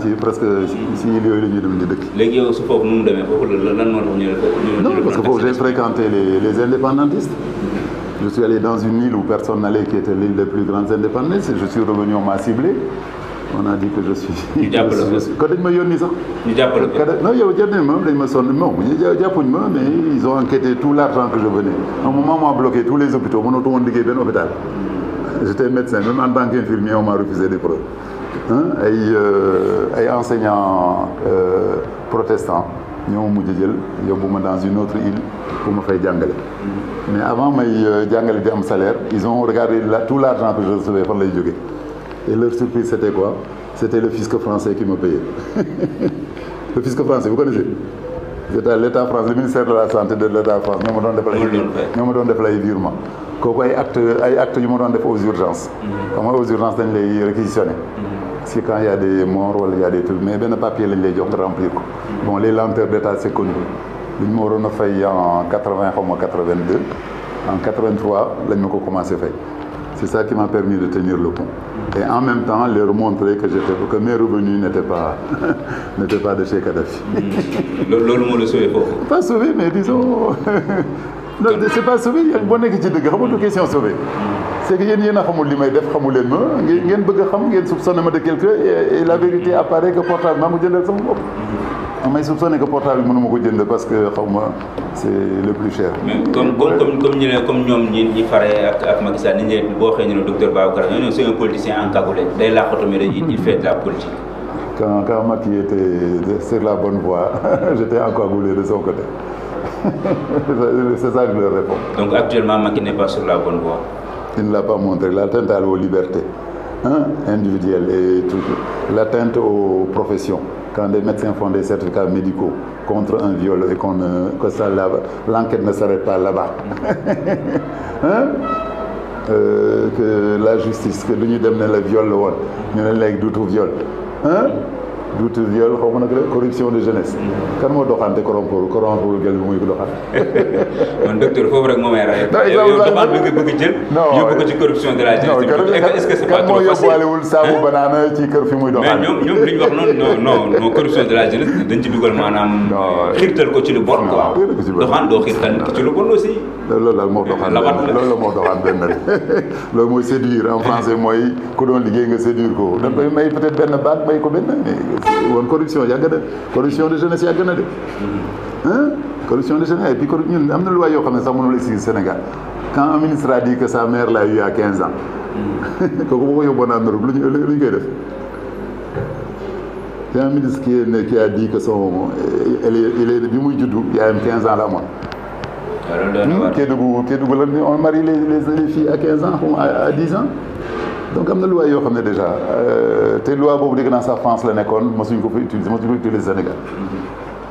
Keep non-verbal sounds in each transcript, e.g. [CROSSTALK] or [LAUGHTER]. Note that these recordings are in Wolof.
ci presque si île yooyu la ñuy dem di dëkk. léegi yow su foofu nu mu demee foofu lan moo tax ñu ne non parce que foofu j'ai fréquenté les les indépendantistes. je suis allé dans une île où personne n'allait qui était l'île des plus grandes indépendances je suis revenu on m'a ciblé. on a dit que je suis. ñu jàppale [LAUGHS] ko kon dañ ma yónni sax. ñu jàppale non yow jël nañ ma dañ ma sonn non jàppuñ ma mais ils ont enquêté tout l'argent que je venais. un moment on m'a bloqué tous les hôpitaux mënatu woon liggéey benn hôpital. médecin même en tant qu'infirmier on m'a ay euh, ay enseignants euh, protestants ñoo mujj jël yóbbu ma dans une autre île pour ma fay jàngale. mais avant may euh, jàngale di am salaire ils ont regardé la tout l' argent que je recevais fan lay jógee et leur surprise c' était quoi c' était le fisc français qui me payait [LAUGHS] le fisc français vous connaissez. état l' état France le ministère de la santé de l' France ñoo doon def ay ñoo ma doon def ay virement kooku ay acte ay acte yu ma doon def aux urgences mhm. xam aux urgences dañ lay réquisitionné mhm. si quand y a des morts wala mais benn papier lañ lay jox nga ko mhm. bon les lenteurs d' état c' est connu lu ñu ma waroon a en 80 xaw ma 82 en lañ ma ko commencé fay C'est ça qui m'a permis de tenir le pont. e en même temps, leur montrer que, que mes revenus n'étaient pas, [LAUGHS] pas de chez Kadhafi. Loolu moo la sauvé foofu. Pas sauvé, mais disons. [LAUGHS] non c'est pas sauvé boo nekkee ci dëgg xamul du question sauvé c'est que yéen yéen a xamul li may def xamu leen ma ngeen bëgg a xam ngeen soupçonné ma de quelque et la vérité apparaît que portable maa mu jëndal sama bopp Ah, may soupçonné que portable bi mënuma ko jënd parce que xaw ma c' est le plus cher. mais comme comme comme ñu ne comme ñoom ñi ñi fare ak ak Macky ni ñu ne boo xëy ñu ne docteur Babacar ñoo ne c' est un politicien encagoulé day làqatu mais day il fait de la politique. quand quand Macky était sur la bonne voie [LAUGHS] j' étais encagoulé de son côté [LAUGHS] c' est ça que je leur réponds. donc actuellement Macky n' est pas sur la bonne voie. il ne l'a pas montré o aux libertés hein, individuelles et tout l'atteinte aux professions. quand des médecins font des certificats médicaux contre un viol et qu'on euh, que ça l'enquête ne s'arrête pas là-bas [LAUGHS] hein euh, que la justice que du ñu dem ne la viol la woon ñu ne léegi duutu viol hein duutu viol xaw ma nag corruption de jeunesse. kan moo doxante corrompre corrompre gel bi muy ko doxante. man [LAUGHS] docteur foofu rek moo may rey. yow doxante bi nga bëgg jël. yóbbu ko ci corruption de la jeunesse. est-ce que c'est pas trop facile kan moo yóbbuwaalewul saabu banaana ci kër fi muy doxante. mais ñoom ñoom li ñu wax noonu non non non corruption de la jeunesse dañ ci dugal maanaam. xiirtal ko ci lu bon quoi. doxaan doo xiirtal ci lu bon aussi. loolu la moo doxaan loolu la moo doxaan benn [LAUGHS] loolu mooy séduire en français [LAUGHS] mooy ku doon liggéey nga séduire ko. da may peut-être benn baat may ko benn woon corruption yàgg na corruption de jeunesse yàgg na de corruption de jeunesse et puis ñun am na loi yoo xam ne sax mënul exister Sénégal quand un ministre a dit que sa mère l'a eu à quinze ans mm. kooku boo ko yóbboon en Europe lu ñu lu ñu koy def c'est un ministre qui est qui a dit que son il est bi muy juddu yaayam quinze ans la amoon ah, hmm? Kédougou Kédougou lan on marie les les filles à quinze ans ou à dix ans donc am na loi yoo xam ne déjà euh, te loi boobu dégg naa sax France la nekkoon mosuñ ko fa utiliser mosuñ ko utiliser Sénégal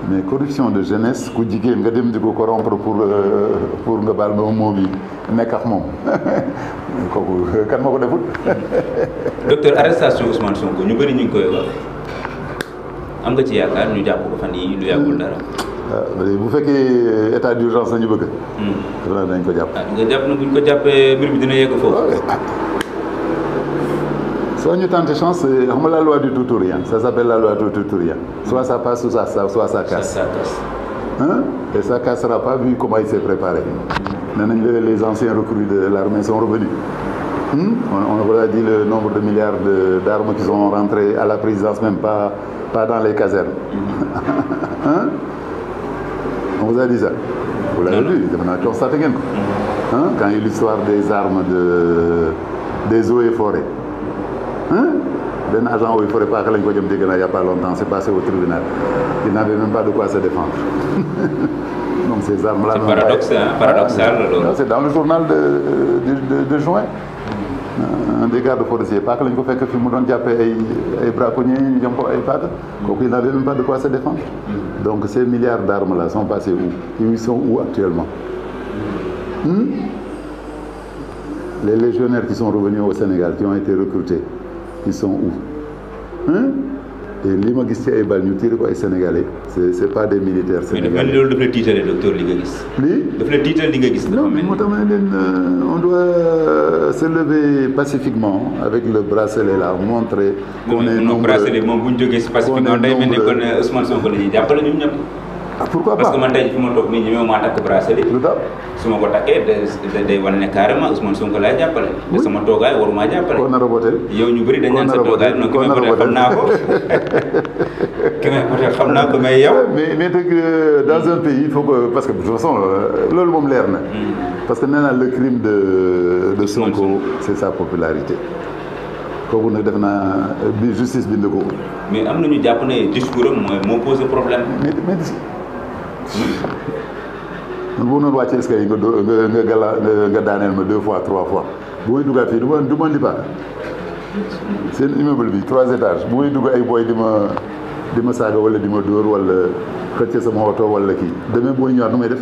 mais corruption de jeunesse ku jigéen nga dem di ko corrompre pour euh, pour nga baal ma moom yi nekk ak [LAUGHS] kooku moo ko deful. [LAUGHS] docteur arrestation Ousmane Sonko ñu ñu ngi koy wax am nga ci yaakaar ñu jàpp ko fan yi lu yàggul dara. Ah, bu fekkee euh, état d'urgence la ñu bëgg. dafa hmm. dañ ko jàpp. ah nga jàpp na bu ko jàppee mbir dina yegg foofu. Ah, Soit tant tentation, c'est la loi du tout ou rien. Ça s'appelle la loi du tout ou rien. Soit ça passe, soit ça, casse. Et ça ne cassera pas vu comment il s'est préparé. Les anciens recrues de l'armée sont revenus. Hmm? On, vous dit le nombre de milliards d'armes qui sont rentrées à la présidence, même pas, pas dans les casernes. Mm-hmm. [LAUGHS] hein? On vous a dit ça. Vous l'avez vu, mm-hmm. a des armes de, des et forêts. benn agent ooy forêt paax lañ ko jëm dégg naa y' a pas longtemps c' est passé au tribunal il n' avait même pas de quoi se défendre [LAUGHS] donc ces armes là. c'est paradoxal paradoxal loolu. c' est dans le journal de de de juin. un des gardes forestiers paaka lañ ko fekk fi mu doon jàppee ay ay braconniers ñu jëm ko ay paaka. kooku il n' avait même pas de quoi se défendre. donc ces milliards d' armes là sont passés où ils sont où actuellement. Hmm? les légionnaires qui sont revenus au Sénégal qui ont été recrutés. ils sont où hein et li ma gis ci ay bal ñu tiir ko ay sénégalais c'est c'est pas des militaires sénégalais mais loolu daf la li nga gis. lii daf la li moo tax ma ne leen euh, on doit euh, se lever pacifiquement avec le bracelet là montrer. qu'on est nombreux bracelet moom bu ñu jógee si pacifiquement day mel ni kon euh, Ousmane Sonko la ñuy jàppale ñun ñëpp. Ah, pourquoi parce que man tey fi ma toog nii ñemewu maa takk bracelet. lu ma ko takkee day day wane ne carrément Ousmane Sonko laay jàppale. te sama toogaay waruma jàppale. koo ñu bëri dañ naan sa toogaay. koo nar a voté xam naa ko [LAUGHS] ki may voté mais yow. [LAUGHS] mais mais dëgg euh, dans un pays parce que de façon euh, loolu moom leer na. Hmm. parce que nee naa le crime de de Sonko c'est sa popularité. kooku nag def naa bi justice bind ko. mais am na ñu jàpp ne discours am moo posé problème. mais mais. man boo noonu wàcc escalier nga doo nga gala nga daaneel ma deux fois trois fois bu may duggaat fii du ma du ma ndi seen immeuble bi trois étages bu may dugg ay booy di ma di ma saaga wala di ma dóor walla xëcc sama oto wala kii demee booy ñëwaat na may def.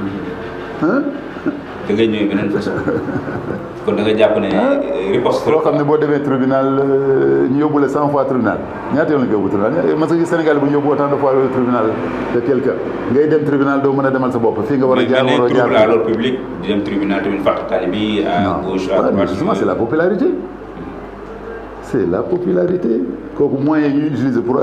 Mm-hmm. [LAUGHS] da ngay ñëwee beneen façon. [LAUGHS] kon da nga jàpp ne ah, euh, riposte. loo xam ne boo demee tribunal euh, ñu yóbbu la cent fois tribunal ñaata yoon la ñu yóbbu tribunal parce que Sénégal bu ñu yóbbu autant de fois le tribunal de quelqu'un ngay dem tribunal doo mën a demal sa bopp fii nga war a jaar waroo jaar mais l'ordre public di dem tribunal tamit fàttali tali bi à gauche à droite justement euh, c'est la popularité c'est la popularité kooku moyen yi ñu utiliser pour